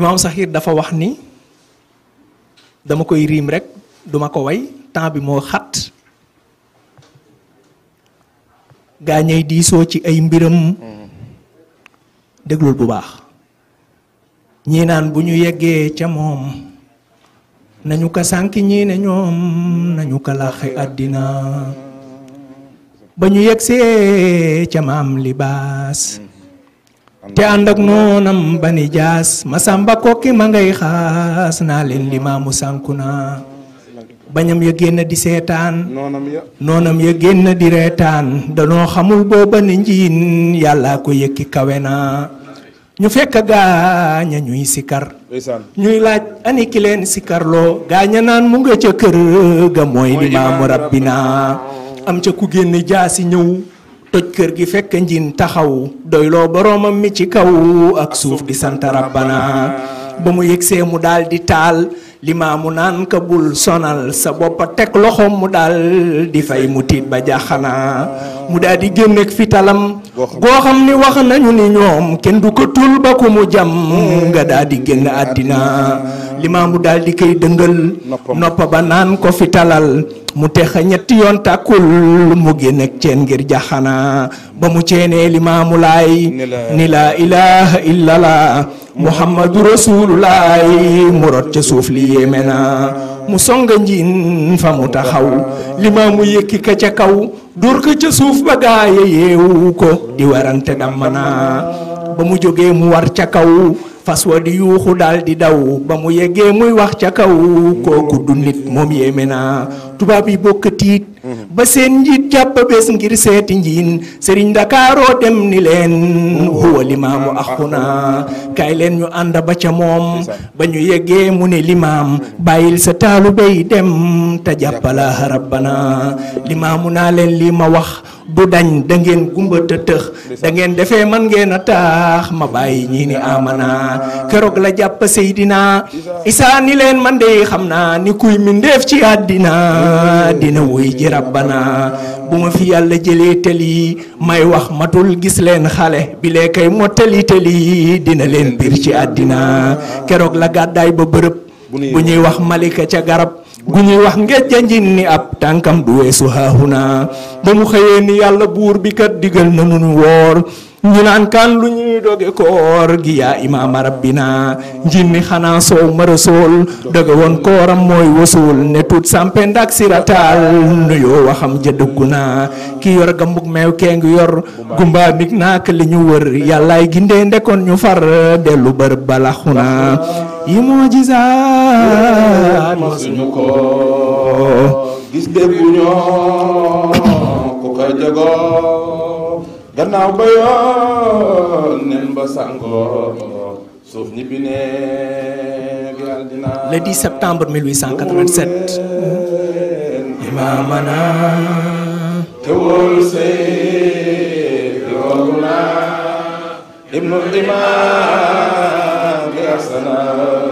imaam Saxiir dafa wax ni dama koy riim rek duma ko way temps bi moo xat gaañay diisoo ci ay mbiram déglul bu baax ñii naan bu ñu yeggee ca moom nañu ko sànk ñii ne ñoom nañu ko laaxe àddina ba ñu yegg see ca maam libaas te ànd ak noonam bani jaas masamba kokki ma ngay xaas naa leen limaamu sànku na bañam ya génn di seetaan noonam ya génn di reetaan danoo xamul booba ne njiin yàllaa ko yëkki kawe na ñu fekk gaaña ñuy sikar ñuy laaj ani ki leen sikarloo gaaña naan mu nga ca kër ga mooy limaamu rabbi naa am ca ku génn jaasi ñëw toj kër gi fekk njin taxawu doyloo boroomam mi ci kaw ak suuf di sant rabbana ba mu yegsee mu daal di taal limamu nan ka bul sonal sa bop tek loxom mu dal di fay mutit ba jaxana mu dal di génn fitalam go xamni wax nañu ni ñom ken du ko tul ba ko mu jam nga dal di genn adina limamu dal di kay deungal nopp ba nan ko fitalal mu texa ñetti yon takul mu génn ak ngir jaxana ba mu cene limamu lay ni la ilaha illa yéeme na mu songa njiin fa mu taxaw limaamu yëkki ka ca kaw dóor ko ca suuf ba gaaya yeewu ko di warante damm naa ba mu jógee mu war ca kaw fas wa di yuuxu daal di daw ba mu yeggee muy wax ca kaw kooku du nit moom yéeme na tubaab yi bokk tiit ba seen njiit jàpp bés ngir seeti njiin sëriñ Ndakaaroo dem ni leen huwa limaamu axuna kaay leen ñu ànd ba ca moom ba ñu yeggee mu ne limaam bàyyil sa taalu bay dem ta jàppala rabbana limaamu naa leen lii ma wax du dañ da ngeen gumba te tëx ngeen defee man ngeen a taax ma bàyyi ñii ni amana keroog la jàpp Seydina Isaa ni leen man de xam naa ni kuy mindeef ci àddina dina wuy ji rabbana bu ma fi yàlla jëlee teli may wax matul gis leen xale bi lee kay mottali teli dina leen biir ci àddina ah. keroog la gàddaay ba bërëb bu ñuy wax malika ca garab gu ñuy wax ngeej janjin ni ab tànkam du weesu haahuna ba mu xëyee ni yàlla buur bi kat digal na nu woor ñu naan kaan lu ñuy doge koor gi yaa imaama rabbina njinni xanaa soow ma rasool doge woon kooram mooy wasool ne tuut sampe ndak sirataal nuyoo waxam ja dëggu naa ki yor gambug meew kee ngi yor gumba nig naak li ñu wër yàllaay gindee ndekoon ñu far dellu bërëb balaxu naa yi mujjizaat masuñu ko gis dégguñoo ku ko jagoo gannaaw ba yoon nen ba sàngoo suuf ñi bi nekk yàlla dinaa le septembre 1887 imaamana te wóolu sey naa ibnu imaam حسنات